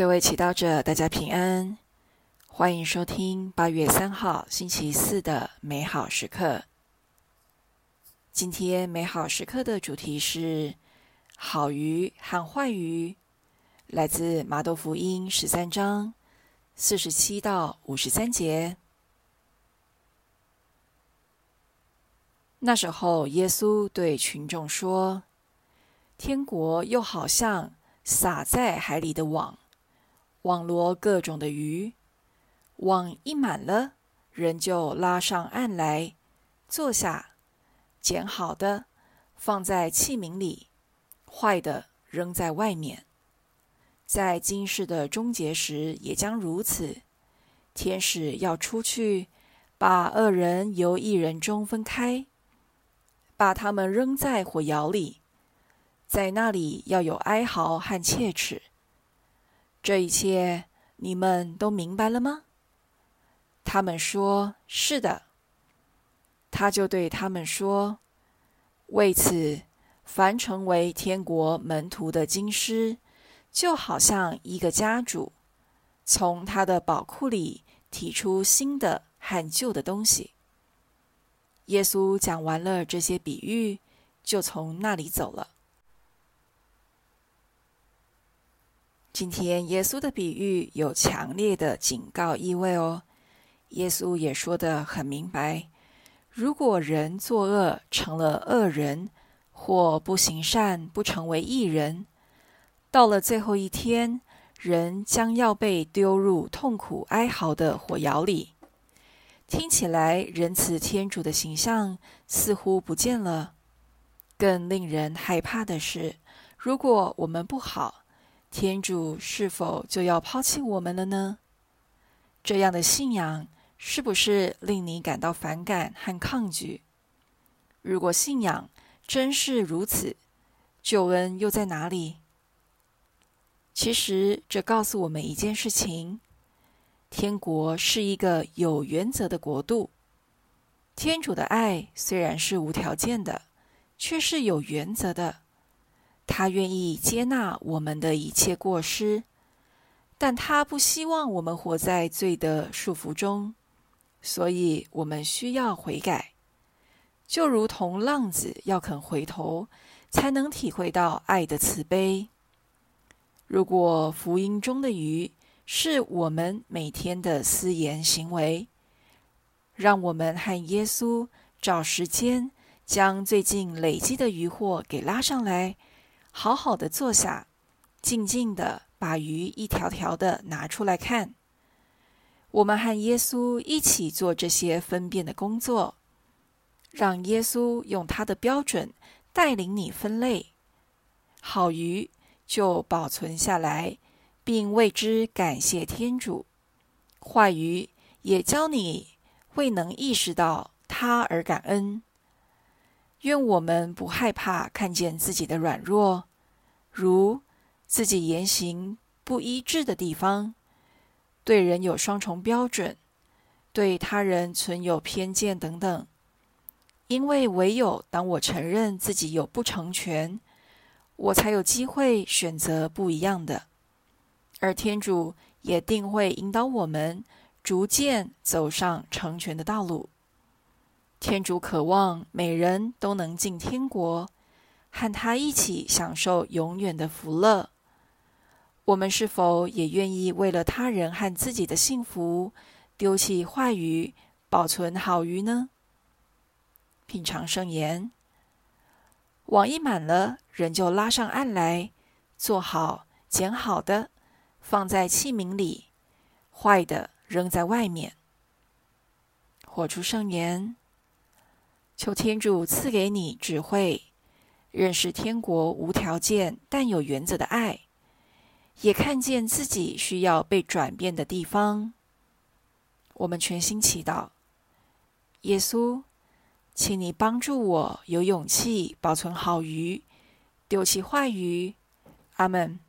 各位祈禱者，大家平安，歡迎收聽八月三號星期四的美好時刻。今天美好時刻的主題是“好魚和壞魚”，來自瑪竇福音十三章四十七到五十三節。那時候，耶穌對群眾說：“天國又好像撒在海裡的網。”網羅各種的魚，網一滿了，人就拉上岸來，坐下，撿好的放在器皿裡，壞的扔在外面。在今世的終結時，也將如此。天使要出去，把惡人由義人中分開，把他們扔在火窯裡，在那裡要有哀嚎和切齒。這一切你們都明白了嗎？他們說：“是的。”他就對他們說：“為此，凡成為天國門徒的經師，就好像一個家主，從他的寶庫裡提出新的和舊的東西。”耶穌講完了這些比喻，就從那裡走了。今天耶穌的比喻有強烈的警告意味哦。耶穌也說得很明白，如果人作惡成了惡人，或不行善不成為義人，到了最後一天，人將要被丟入痛苦哀嚎的火窯裡。聽起來仁慈天主的形象似乎不見了。更令人害怕的是，如果我們不好。天主是否就要拋棄我們了呢？這樣的信仰是不是令你感到反感和抗拒？如果信仰真是如此，救恩又在哪裡？其實，這告訴我們一件事情，天國是一個有原則的國度。天主的愛雖然是無條件的，卻是有原則的。他願意接納我們的一切過失，但他不希望我們活在罪的束縛中，所以我們需要悔改，就如同浪子要肯回頭，才能體會到愛的慈悲。如果福音中的魚是我們每天的思言行為，讓我們和耶穌找時間，將最近累積的魚獲給拉上來。好好的坐下，靜靜的把魚一條條的拿出來看。我們和耶穌一起做這些分辨的工作，讓耶穌用他的標準帶領你分類。好魚就保存下來，並為之感謝天主；壞魚也教你為能意識到他而感恩。願我們不害怕看見自己的軟弱，如自己言行不一致的地方，對人有雙重標準，對他人存有偏見等等。因為唯有當我承認自己有不成全，我才有機會選擇不一樣的。而天主也定會引導我們逐漸走上成全的道路。天主渴望每人都能進天國，和他一起享受永遠的福樂。我們是否也願意為了他人和自己的幸福，丟棄壞魚，保存好魚呢？品嘗聖言。網一滿了，人就拉上岸來，做好撿好的，放在器皿裡，壞的扔在外面。活出聖言。求天主賜給你智慧，認識天國無條件但有原則的愛，也看見自己需要被轉變的地方。我們全心祈禱，耶穌，請你幫助我有勇氣保存好魚，丟棄壞魚。阿門。